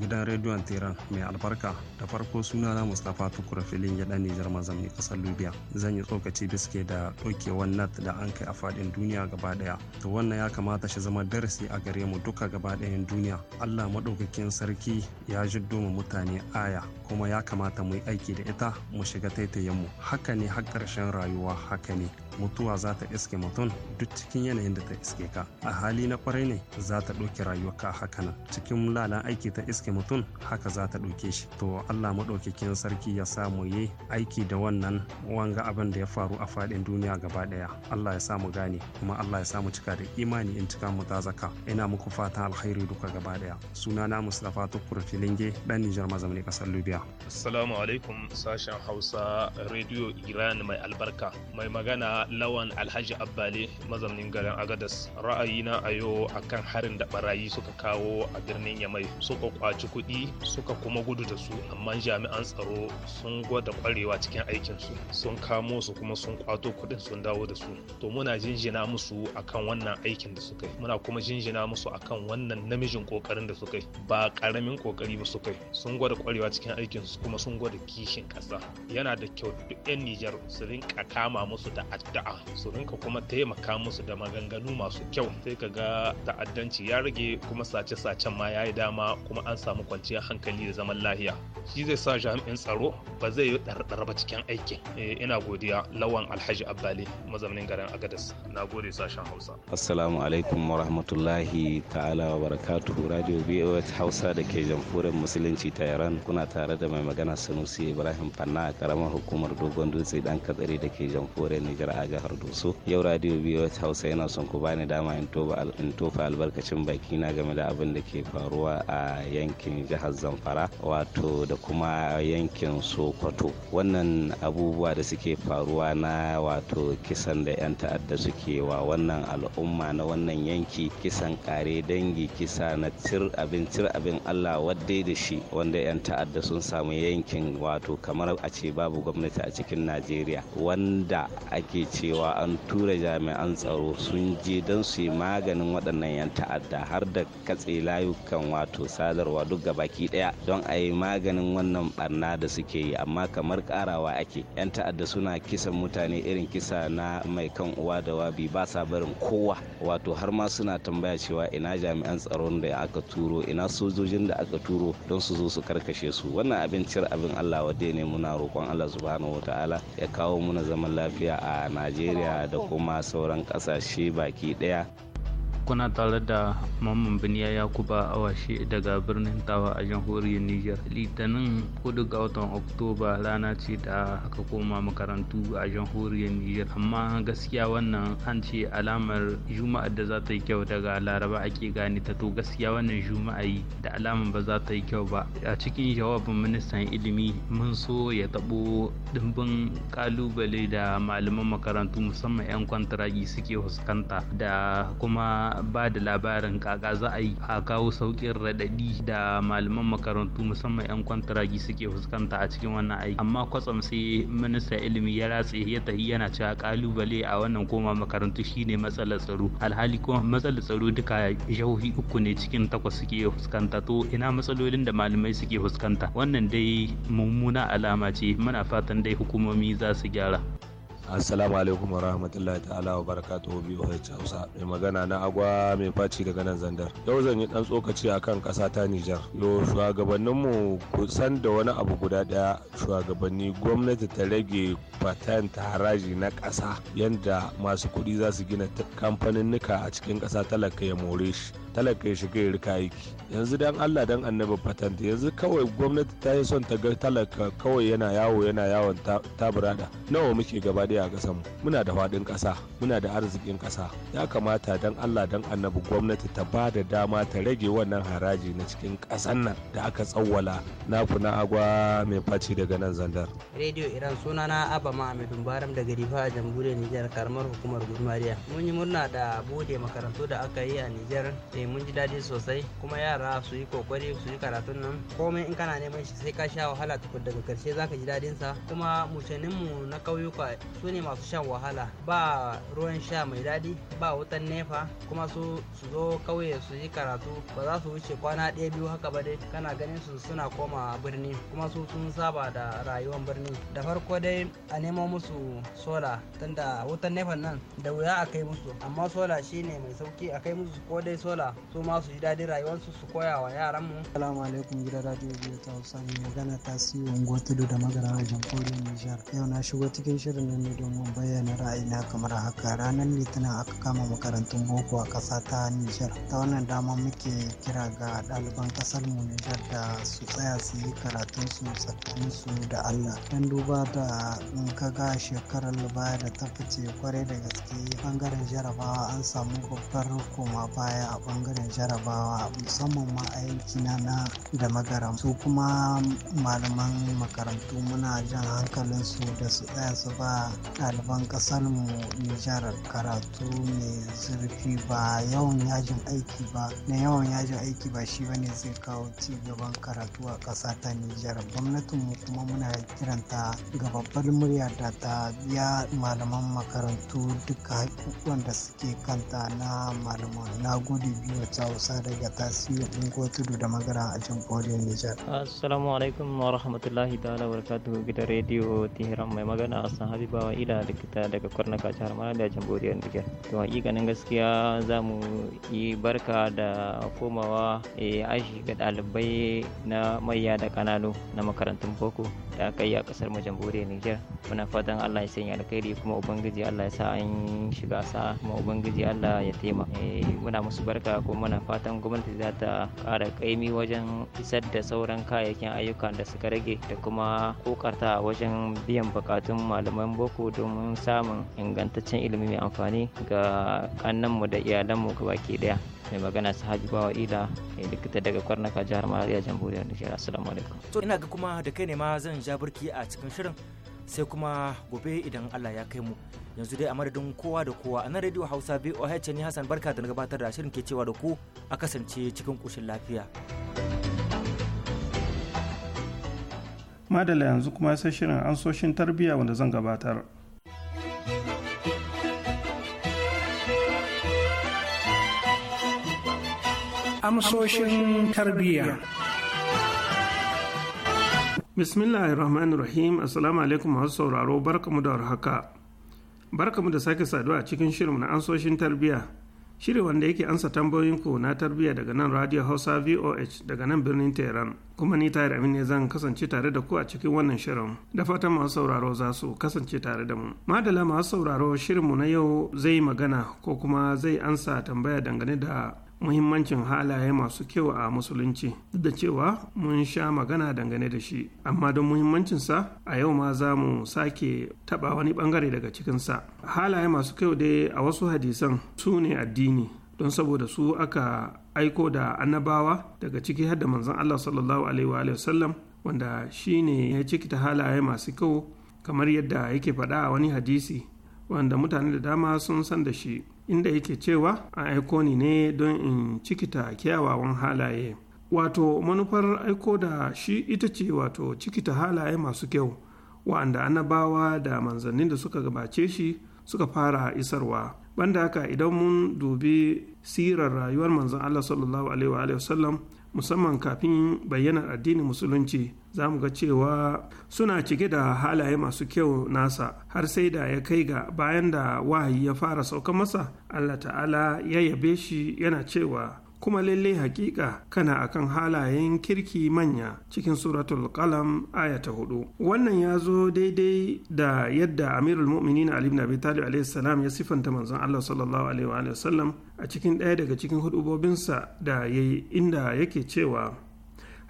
gidan rediyon tehran mai albarka da farko suna na mustapha tukura filin ya dan nijar mazamni kasar libya zan yi tsokaci biske da ɗaukewar nat da an kai a faɗin duniya gaba ɗaya to wannan ya kamata shi zama darasi a gare mu duka gaba ɗayan duniya allah maɗaukakin sarki ya jiddo mu mutane aya kuma ya kamata mu yi aiki da ita mu shiga taitayen mu haka ne har ƙarshen rayuwa haka ne mutuwa za ta iske mutum duk cikin yanayin da ta iske ka a hali na kwarai ne za ta ɗauki rayuwarka haka nan cikin lalan aiki ta iske mutum haka za ta ɗauke shi to allah maɗaukakin sarki ya sa mu yi aiki da wannan wanga abin da ya faru a faɗin duniya gaba ɗaya allah ya sa mu gane kuma allah ya sa mu cika da imani in cika mu zaka ina muku fatan alkhairi duka gaba ɗaya sunana mustapha tukur filinge ɗan nijar mazamani ƙasar libya assalamu alaikum sashen hausa rediyo iran mai albarka mai magana lawan alhaji abbali mazaunin garin agadas Ra'ayi ra'ayina a yau akan harin da barayi suka kawo a birnin yamai suka kwaci kuɗi suka kuma gudu da su amma jami'an tsaro sun gwada kwarewa cikin aikinsu sun kamo su kuma sun kwato kuɗin sun dawo da su to muna jinjina musu akan wannan aikin da suka yi muna kuma jinjina musu akan wannan namijin kokarin da suka yi ba karamin kokari ba suka yi sun gwada kwarewa cikin aikinsu kuma sun gwada kishin ƙasa yana da kyau duk 'yan nijar su rinka kama musu da addu'a su rinka kuma taimaka musu da maganganu masu kyau sai ka ga ta'addanci ya rage kuma sace-sacen ma ya yi dama kuma an samu kwanciyar hankali da zaman lahiya shi zai sa jami'in tsaro ba zai yi ɗarɗar ba cikin aikin eh, ina godiya lawan alhaji abbali mazaunin garin agadas na gode sashen hausa assalamu alaikum wa rahmatullahi ta'ala wa barakatuhu radio bos hausa da ke jamhuriyar musulunci ta iran kuna tare da mai magana sanusi ibrahim fanna a karamar hukumar dogon dutse dan katsari da ke jamhuriyar nijar a jihar doso yau radio biyu hausa yana son ku bani dama in tofa albarkacin baki na game da abin da ke faruwa a yankin jihar zamfara wato da kuma yankin sokoto wannan abubuwa da suke faruwa na wato kisan da 'yan ta'adda suke wa wannan al'umma na wannan yanki kisan kare dangi kisa na cir abin cir abin allah wadda da shi wanda 'yan ta'adda sun samu yankin wato kamar a ce babu gwamnati a cikin najeriya wanda ake cewa an tura jami'an tsaro sun je don su yi maganin waɗannan 'yan ta'adda har da katse layukan wato sadarwa duk baki ɗaya don a yi maganin wannan barna da suke yi amma kamar karawa ake 'yan ta'adda suna kisan mutane irin kisa na mai kan uwa da wabi ba sa barin kowa wato har ma suna tambaya cewa ina jami'an tsaron da aka turo ina sojojin da aka turo don su zo su karkashe su wannan abin abin Allah wadde ne muna roƙon Allah subhanahu wataala ya kawo muna zaman lafiya a najeriya da kuma sauran kasashe baki ɗaya. kuna tare da mamman biniya yakuba awashi daga birnin tawa a jamhuriyar niger litinin 4 ga watan oktoba rana ce da aka koma makarantu a jamhuriyar niger amma gaskiya wannan an ce alamar juma'a da za ta yi kyau daga laraba ake gane ta to gaskiya wannan juma'a yi da alamar ba za ta yi kyau ba a cikin jawabin ministan ilimi mun so ya tabo dimbin kalubale da malaman makarantu musamman 'yan kwantaragi suke fuskanta da kuma ba da labarin kaka za a yi a kawo sauƙin raɗaɗi da malaman makarantu musamman 'yan kwantaragi suke fuskanta a cikin wannan aiki amma kwatsam sai minista ilimi ya ratse ya tafi yana cewa kalubale a wannan koma makarantu shine matsalar tsaro alhali kuma matsalar tsaro duka jihohi uku ne cikin takwas suke fuskanta to ina matsalolin da malamai suke fuskanta wannan dai mummuna alama ce muna fatan dai hukumomi za su gyara. assalamu alaikum wa rahmatullahi ta'ala wa barakatuhu biyu a hausa mai magana na agwa mai faci daga nan zandar yau zan yi dan tsokaci a kan ƙasa ta nijar yau shugabanninmu kusan da wani abu guda ɗaya shugabanni gwamnati ta rage patent haraji na ƙasa yadda masu kuɗi za su gina kamfanin a cikin ƙasa talaka ya more shi talaka ya shiga ya rika aiki yanzu dan allah dan annabi fatanta yanzu kawai gwamnati ta yi son ta ga talaka kawai yana yawo yana yawon taburada nawa muke gaba daya a kasan muna da faɗin ƙasa muna da arzikin ƙasa ya kamata dan allah dan annabi gwamnati ta ba da dama ta rage wannan haraji na cikin ƙasan nan da aka tsawwala na kuna agwa mai faci daga nan zandar rediyo iran suna sunana abba ma'amidun baram daga rifa a jamhuriyar nijar karamar hukumar gudumariya mun yi murna da bude makarantu da aka yi a nijar Eh, mun ji daɗi sosai kuma yara su yi kokari su yi karatun nan komai in kana neman shi sai ka sha wahala tukun daga karshe ka ji daɗin sa kuma mutanen mu na ƙauyuka su ne masu shan wahala ba ruwan sha mai daɗi ba wutan nefa kuma su su zo ƙauye su yi karatu ba za su wuce kwana ɗaya biyu haka ba dai kana ganin su suna koma birni kuma su sun saba da rayuwar birni da farko dai a nemo musu sola tunda wutan nefa nan da wuya a kai musu amma sola shine mai sauki a kai musu ko dai sola su ma su ji daɗin rayuwarsu su koya wa yaran mu. Salamu alaikum gida radio biyu ta Hausa mai magana tasiri unguwa da magana a jamhuriyar Nijar. Yau na shigo cikin shirin nan ne domin bayyana ra'ayina kamar haka ranar litinin aka kama makarantun boko a ƙasa ta Nijar. Ta wannan dama muke kira ga ɗaliban ƙasar mu Nijar da su tsaya su yi karatun su tsakanin su da Allah. Dan duba da in ka ga shekarar baya da ta fice kwarai da gaske bangaren jarabawa an samu babbar koma baya a bangaren bangaren jarabawa musamman ma a aikina na da magaram su kuma malaman makarantu muna jan hankalin su da su tsaya su ba ɗaliban ƙasar mu nijar karatu mai zurfi ba yawan yajin aiki ba na yawan yajin aiki ba shi bane zai kawo ci karatu a ƙasa ta nijar gwamnatin mu kuma muna kiranta ga babbar murya da ta biya malaman makarantu duka haƙƙuƙwan da suke kanta na malaman na gode biyu rediyo ta daga tasiri unguwar tudu da magana a jamhuriyar nijar assalamu alaikum wa rahmatullahi ta'ala wa barakatuhu gidan rediyo tehran mai magana a san habiba wa ila likita daga kwarnaka jihar mara da jamhuriyar nijar to hakikanin gaskiya za mu yi barka da komawa eh, aji ga ɗalibai na mayya da kananu na makarantun boko da aka yi a kasar mu jamhuriyar Nijar muna fatan Allah ya sanya alkhairi kuma ubangiji Allah ya sa an shiga sa kuma ubangiji Allah ya tema eh, muna musu barka kuma mana fatan gwamnati za ta ƙara kaimi wajen isar da sauran kayayyakin ayyukan da suka rage da kuma kokarta wajen biyan bukatun malaman boko domin samun ingantaccen ilimi mai amfani ga kannanmu da iyalanmu gabaki daya mai magana su haji bawa ila mai likita daga kwarnaka jihar malariya jamhuriyar nijar assalamu alaikum to ina ga kuma da kai ne ma zan ja birki a cikin shirin sai kuma gobe idan Allah ya kai mu yanzu dai a madadin kowa da kowa a nan radio hausa voh ne hassan barka da gabatar da shirin ke cewa da ku a kasance cikin kushin lafiya madala yanzu kuma sai shirin ansoshin tarbiyya wanda zan gabatar amsoshin tarbiyya Bismillahirrahmanirrahim rahim assalamu alaikum masu sauraro barkamu da warhaka barkamu da sake saduwa a cikin shirin na ansoshin tarbiyya shirin wanda yake ansa tambayoyinku na tarbiyya daga nan radio hausa voh daga nan birnin tehran kuma ni tayar amin ne zan kasance tare da ku a cikin wannan shirin da fatan masu sauraro za su kasance tare da mu madala masu sauraro shirinmu na yau zai magana ko kuma zai ansa tambaya dangane da muhimmancin halaye masu kyau a musulunci duk da cewa mun sha magana dangane da shi amma don muhimmancinsa a yau ma za mu sake taɓa wani ɓangare daga cikinsa halaye masu kyau dai a wasu hadisan su ne addini don saboda su aka aiko da annabawa daga ciki hadda manzon Allah sallallahu alaihi wa sallam wanda ne ya cikita halaye masu kyau kamar yadda yake faɗa a wani hadisi wanda mutane da dama sun san da shi inda yake cewa an aiko ni ne don in cikita kyawawan halaye wato manufar aiko da shi ita ce wato cikita halaye masu kyau wa'anda annabawa da manzannin da suka gabace shi suka fara isarwa banda haka idan mun dubi sirar rayuwar manzan Allah sallallahu alaihi wa sallam musamman kafin bayyanar addinin musulunci za mu ga cewa suna cike da halaye masu kyau nasa har sai da ya kai ga bayan da wahayi ya fara saukan masa allah ta'ala ya yabe shi yana cewa kuma lalle hakika kana akan halayen kirki manya cikin suratul qalam aya ta hudu wannan ya zo daidai da yadda amirul mu'minin ali ibn abi talib alaihi salam ya sifanta manzon Allah sallallahu alaihi wa sallam a cikin ɗaya daga cikin hudubobinsa da yayi inda yake cewa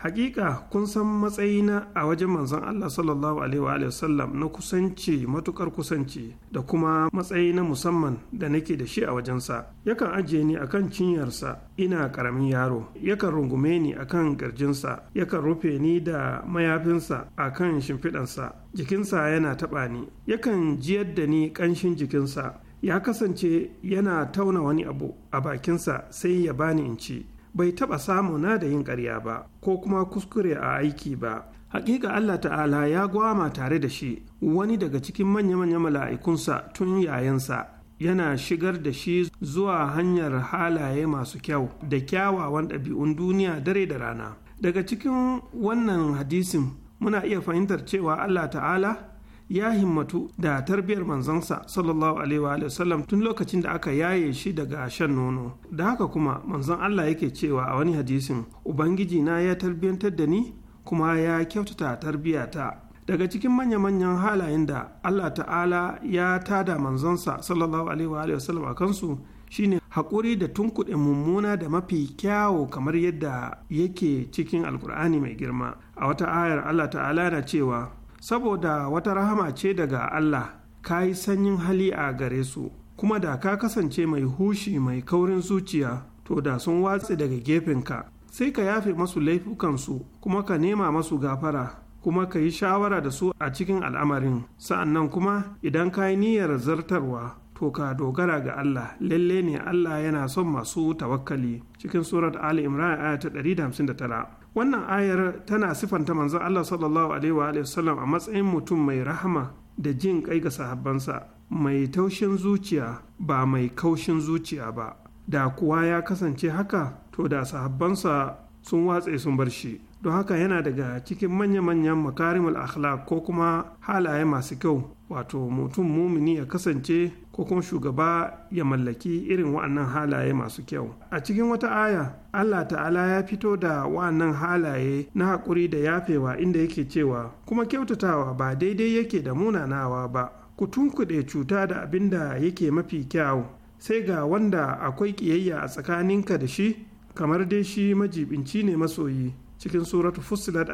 hakika kun san matsayina a wajen manzon Allah sallallahu alaihi wa sallam na kusanci matukar kusanci da kuma matsayi na musamman da nake da shi a wajensa yakan ajiye ni akan cinyarsa ina karamin yaro yakan rungume ni akan garjinsa yakan rufe ni da mayafinsa akan shimfiɗansa jikinsa yana taɓa ni yakan jiyar da ni ƙanshin jikinsa ya kasance yana tauna wani abu a bakinsa sai ya bani in ci bai taɓa samu na da yin ƙarya ba ko kuma kuskure a aiki ba hakika Allah ta'ala ya gwama tare da shi wani daga cikin manya-manya mala'ikunsa tun yayansa yana shigar da shi zuwa hanyar halaye masu kyau da kyawawan ɗabi'un duniya dare da rana daga cikin wannan hadisin muna iya fahimtar cewa Allah ta'ala ya himmatu da tarbiyar manzansa sallallahu alaihi wa sallam tun lokacin da aka yaye shi daga shan nono da haka kuma manzon Allah yake cewa a wani hadisin ubangiji na ya tarbiyantar da ni kuma ya kyautata tarbiyata daga cikin manya-manyan halayen da Allah ta'ala ya tada manzansa sallallahu alaihi wa sallam a kansu shine haƙuri da tunkuɗe mummuna da mafi kyawo kamar yadda yake cikin alkur'ani mai girma a wata ayar Allah ta'ala na cewa saboda wata rahama ce daga Allah ka yi sanyin hali a gare su kuma da ka kasance mai hushi mai kaurin zuciya to da sun watse daga gefenka sai ka yafe masu laifukansu kuma ka nema masu gafara kuma ka yi shawara da su a cikin al'amarin sa'annan kuma idan ka yi niyyar zartarwa to ka dogara ga Allah lalle ne Allah yana son masu tawakkali cikin surat Ali Imran aya ta 159 wannan ayar tana sifanta manzon Allah sallallahu alaihi wa sallam a matsayin mutum mai rahama da jin kai ga sahabbansa mai taushin zuciya ba mai kaushin zuciya ba da kuwa ya kasance haka to da sahabbansa sun watse sun bar shi don haka yana daga cikin manya-manyan makarimul akhlaq ko kuma halaye masu kyau wato mutum mumini ya kasance ko kuma shugaba ya mallaki irin wa'annan halaye masu kyau a cikin wata aya allah ta'ala ya fito da wa'annan halaye na haƙuri da yafewa inda yake cewa kuma kyautatawa ba daidai yake da munanawa ba ku tunkuɗe cuta da abin da yake mafi kyau sai ga wanda akwai ƙiyayya a tsakaninka da shi kamar dai shi majibinci ne masoyi cikin suratu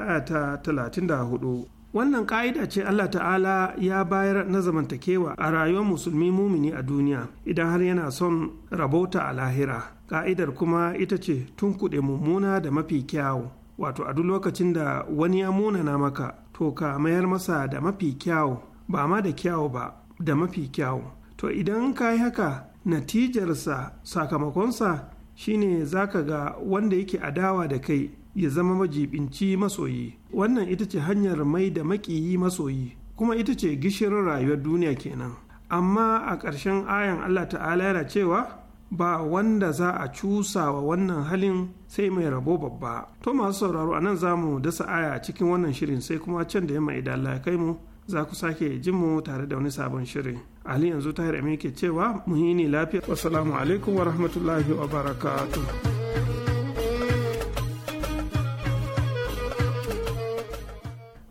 ayata talatin da hudu. wannan ka'ida ce Allah ta'ala ya bayar na zamantakewa a rayuwar musulmi mumini a duniya idan har yana son rabota a lahira ka'idar kuma ita ce tun tunkuɗe mummuna da mafi kyawu wato a duk lokacin da wani ya munana maka to ka mayar masa da mafi kyawu ba ma da kyawu ba da mafi kyawu to idan ka yi haka natijarsa sakamakonsa shine ka ga wanda yake adawa da kai ya zama majibinci masoyi wannan ita ce hanyar mai da makiyi masoyi kuma ita ce gishirin rayuwar duniya kenan amma a ƙarshen ayan allah ta'ala yana cewa ba wanda za a cusa wa wannan halin sai mai rabo babba to masu sauraro a nan za mu dasa aya a cikin wannan shirin sai kuma can da yamma idan allah ya kai mu za ku sake jin mu tare da wani sabon shirin ali yanzu tahir amin ke cewa muhini lafiya wasu alaikum wa rahmatullahi wa barakatuh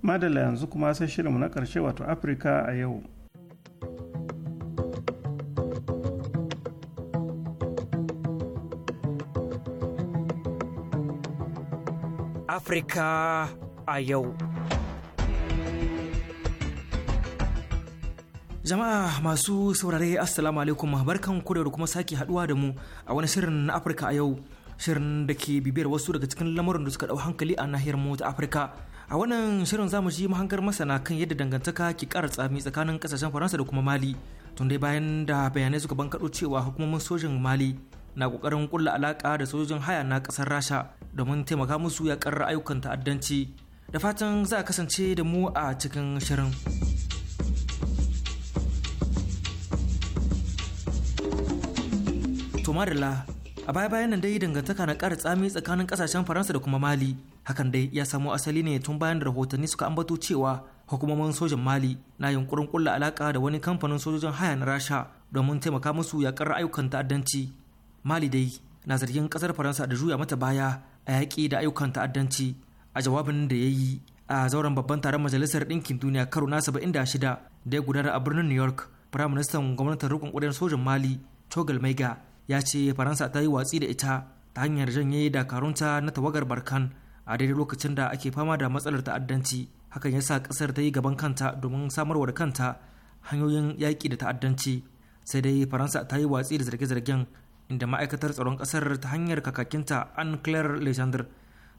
madala yanzu kuma sai shirinmu na ƙarshe wato afirka a yau afirka a yau jama'a masu saurare assalamu alaikum barkan ku da kuma sake haduwa da mu a wani shirin na afirka a yau shirin da ke bibiyar wasu daga cikin lamurin da suka dau hankali a nahiyar mu ta afirka a wannan shirin zamu ji mahangar masana kan yadda dangantaka ke kara tsami tsakanin kasashen faransa da kuma mali tun dai bayan da bayanai suka bankaɗo cewa hukumomin sojin mali na ƙoƙarin ƙulla alaƙa da sojojin haya na ƙasar rasha domin taimaka musu ya ƙarra ayyukan ta'addanci da fatan za a kasance da mu a cikin shirin to madalla a baya bayan nan dai dangantaka na ƙara tsami tsakanin ƙasashen faransa da kuma mali hakan dai ya samo asali ne tun bayan da rahotanni suka ambato cewa hukumomin sojan mali na yunkurin kulla alaka da wani kamfanin sojojin haya na rasha domin taimaka musu yakar ayyukan ta'addanci mali dai na zargin ƙasar faransa da juya mata baya a yaƙi da ayyukan ta'addanci a jawabin da ya yi a zauren babban taron majalisar ɗinkin duniya karo na saba'in da shida da ya gudana a birnin new york firaministan gwamnatin rukun kudin sojan mali chogal maiga ya ce faransa ta yi watsi da ita ta hanyar janye dakarunta na tawagar barkan a daidai lokacin da ake fama da matsalar ta'addanci hakan ya sa ƙasar ta yi gaban kanta domin samarwa da kanta hanyoyin yaƙi da ta'addanci sai dai faransa ta yi watsi da zarge-zargen inda ma'aikatar tsaron ƙasar ta hanyar kakakinta anne claire legendre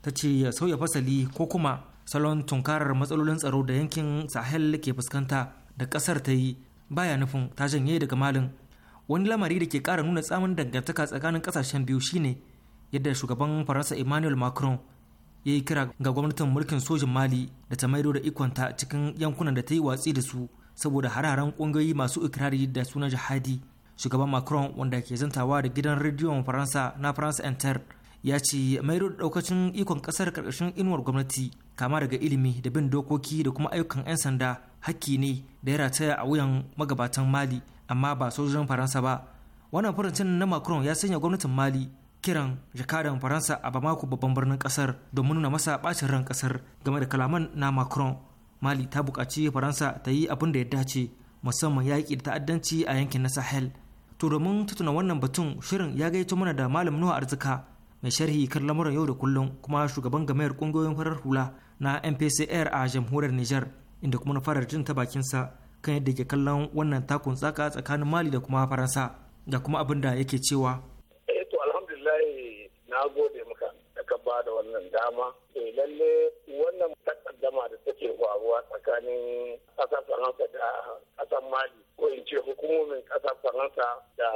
ta ce ya sauya fasali ko kuma salon tunkarar matsalolin tsaro da yankin sahel ke fuskanta da ƙasar ta yi baya nufin ta janye daga malin wani lamari da ke kara nuna tsamin dangantaka tsakanin kasashen biyu shine yadda shugaban faransa emmanuel macron ya yi kira ga gwamnatin mulkin sojin mali da ta maido da ikonta cikin yankunan da ta yi watsi da su saboda hararen ƙungiyoyi masu ikirari da suna jihadi shugaban macron wanda ke zantawa da gidan rediyon faransa na france inter ya ce maido da daukacin ikon kasar karkashin inuwar gwamnati kama daga ilimi da bin dokoki da kuma ayyukan 'yan sanda hakki ne da ya rataya a wuyan magabatan mali amma ba sojojin faransa ba wannan farancin na macron ya sanya gwamnatin mali kiran jakadan faransa a bamako babban birnin kasar domin nuna masa bacin ran kasar game da kalaman na macron mali ta bukaci faransa ta yi abin da ya dace musamman yaƙi da ta'addanci a yankin na sahel to domin tutuna wannan batun shirin ya gaito mana da malam nuhu arzika mai sharhi kan lamuran yau da kullum kuma shugaban gamayar kungiyoyin farar hula na mpcr a jamhuriyar niger inda kuma na fara jin ta bakinsa kan yadda ke kallon wannan takun tsaka tsakanin mali da kuma faransa da kuma abin da yake cewa eh to alhamdulillah na gode maka da ka ba da wannan dama eh lalle wannan takaddama da take faruwa tsakanin kasar faransa da kasar mali ko in ce hukumomin kasar faransa da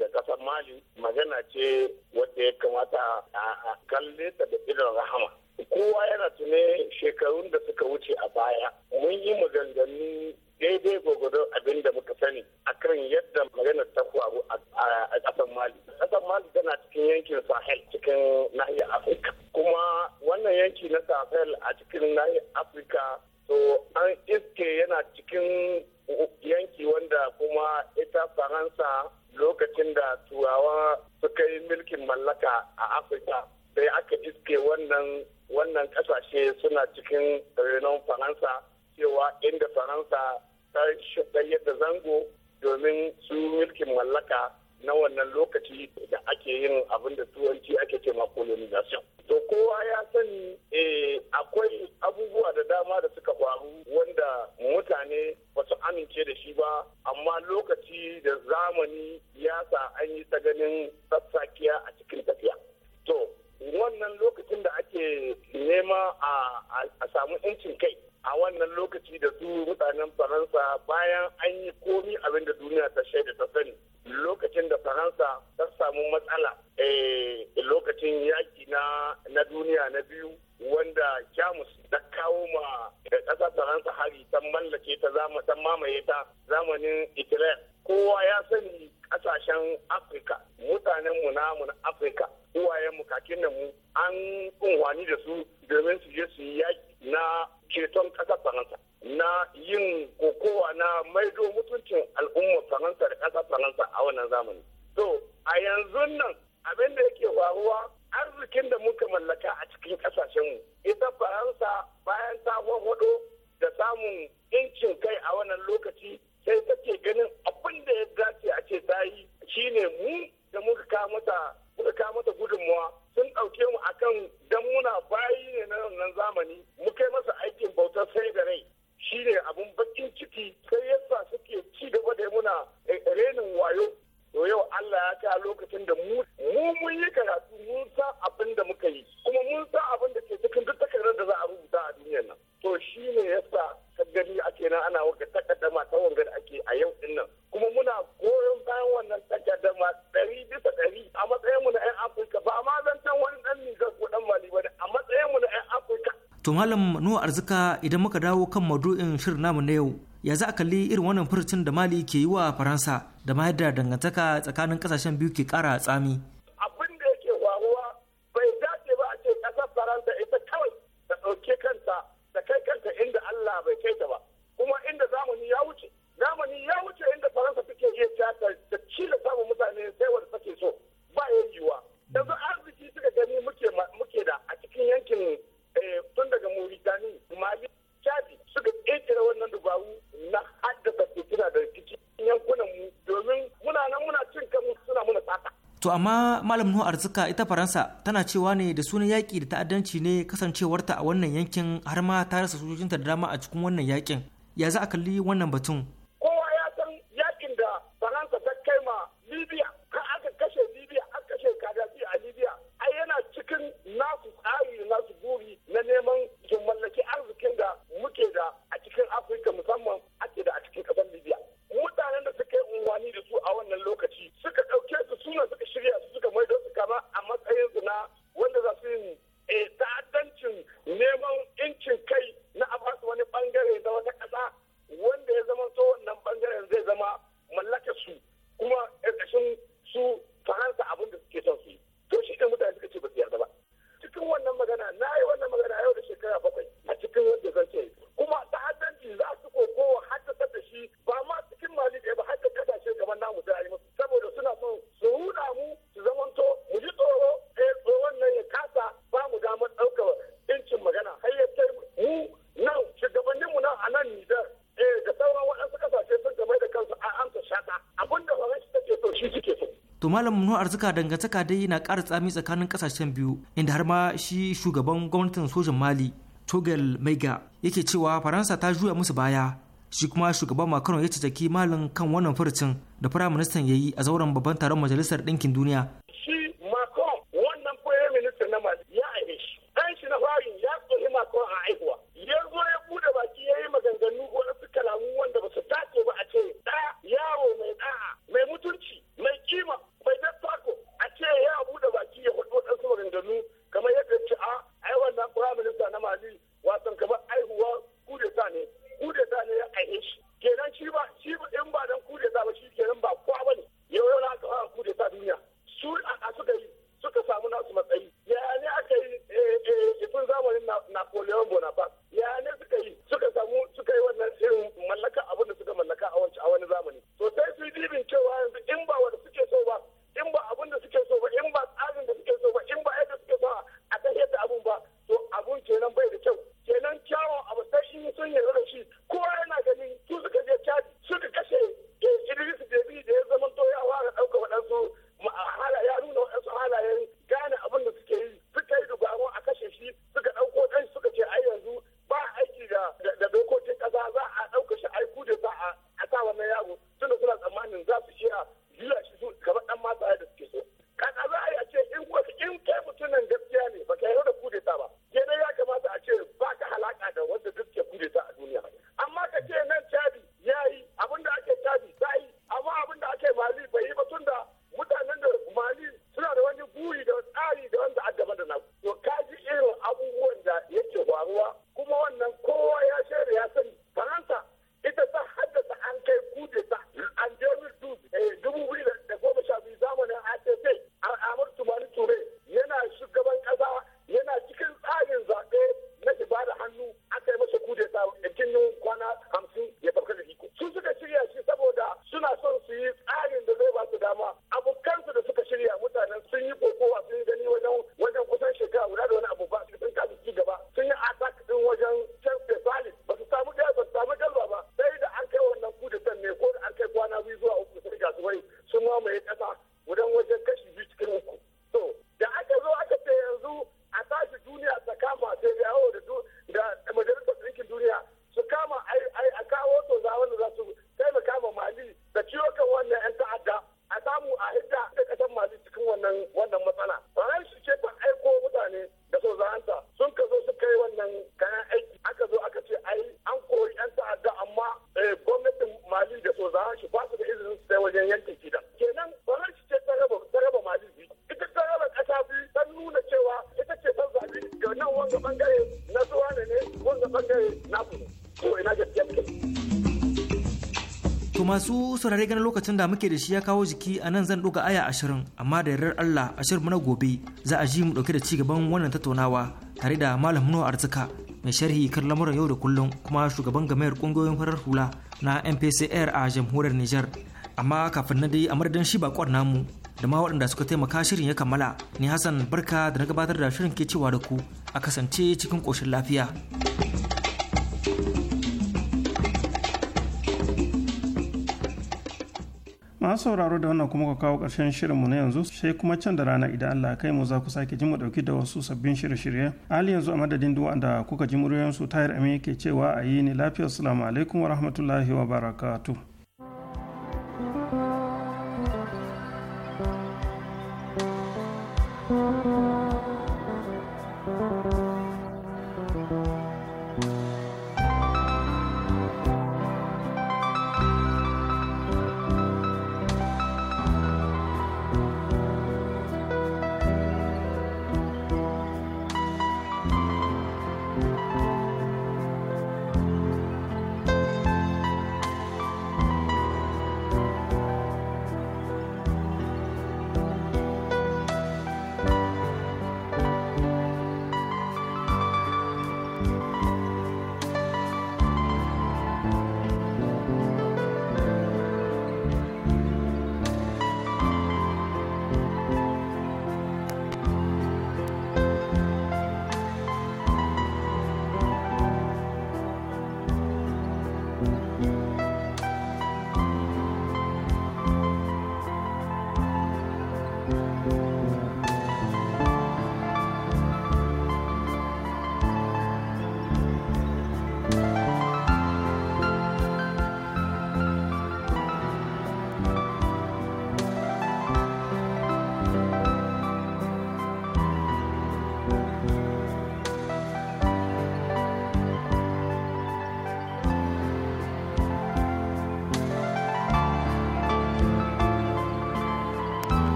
da kasar mali magana ce wadda ya kamata a kalle ta da idan rahama kowa yana tune shekarun da suka wuce a baya mun yi maganganu daidai gwagwado abin da muka sani a kan yadda magana ta faru a ƙasar mali ƙasar mali tana cikin yankin sahel cikin nahiyar afirka kuma wannan yanki na sahel a cikin nahiyar afirka to an iske yana cikin yanki wanda kuma ita faransa lokacin da turawa suka yi mulkin mallaka a afirka sai aka iske wannan wannan kasashe suna cikin renon faransa cewa inda faransa ta yadda zango domin su mulkin mallaka na wannan lokaci da ake yin abin da turanci ake ce ma colonization. To kowa ya sani eh, akwai abubuwa da dama da suka faru wanda mutane ba su amince da shi ba, amma lokaci da zamani ya sa an yi ta ganin sassakiya a cikin tafiya. To wannan lokacin da ake nema a samu 'yancin kai a wannan lokaci da su mutanen faransa bayan an yi komi abin da duniya ta shaida ta sani lokacin da faransa ta samu matsala eh, lokacin yaki na duniya na biyu wanda jamus ta kawo ma ƙasa faransa hari ta mallake ta ta mamaye ta zamanin italiya kowa ya sani ƙasashen afirka mutanenmu mu na afirka uwayenmu mu an unwani da su domin su je su yi yaki na ceton ƙasar faransa na yin kokowa na maido mutuncin al'ummar faransa da ƙasar faransa a wannan zamani to a yanzu nan abin da yake faruwa arzikin da muka mallaka a cikin ƙasashenmu ita faransa bayan ta hwahwado da samun incin kai a wannan lokaci sai take ganin abin da ya dace a ce ta yi shine mu da muka muka kawo mata arzika idan muka dawo kan madu'in shirin namu na yau ya za a kalli irin wannan furucin da mali ke yi wa faransa da ma yadda dangantaka tsakanin kasashen biyu ke kara tsami amma malam nuhu arzika ita faransa tana cewa ne da sunan yaƙi da ta'addanci ne kasancewarta a wannan yankin har ma ta rasa sojojinta da dama a cikin wannan yaƙin ya za a kalli wannan batun neman incin kai malam nuhu arzika dangantaka dai na ƙara tsami tsakanin ƙasashen biyu inda har ma shi shugaban gwamnatin sojan mali togel maiga yake cewa faransa ta juya musu baya shi kuma shugaban macron ya cicaki malin kan wannan furucin da firaministan ya yi a zauren babban taron majalisar ɗinkin duniya To masu saurare ganin lokacin da muke da shi ya kawo jiki a nan zan ɗuga aya ashirin amma da yarar Allah ashirin na gobe za a ji mu ɗauke da cigaban wannan tattaunawa tare da Malam Nuwa Arzika mai sharhi kan lamuran yau da kullum kuma shugaban gamayar ƙungiyoyin farar hula na MPCR a jamhuriyar Nijar. Amma kafin na dai a madadin shi bakon namu da ma waɗanda suka taimaka shirin ya kammala ni Hassan Barka da na gabatar da shirin ke cewa da ku a kasance cikin ƙoshin lafiya. masu sauraro da wannan kuma ka kawo ƙarshen shirinmu na yanzu sai kuma can da rana idan Allah kai mu za ku sake ji mu ɗauki da wasu sabbin shirye-shirye hali yanzu a madadin duk wanda kuka ji muryoyinsu su tayar amin yake cewa a yi ni lafiya assalamu alaikum wa rahmatullahi wa barakatuh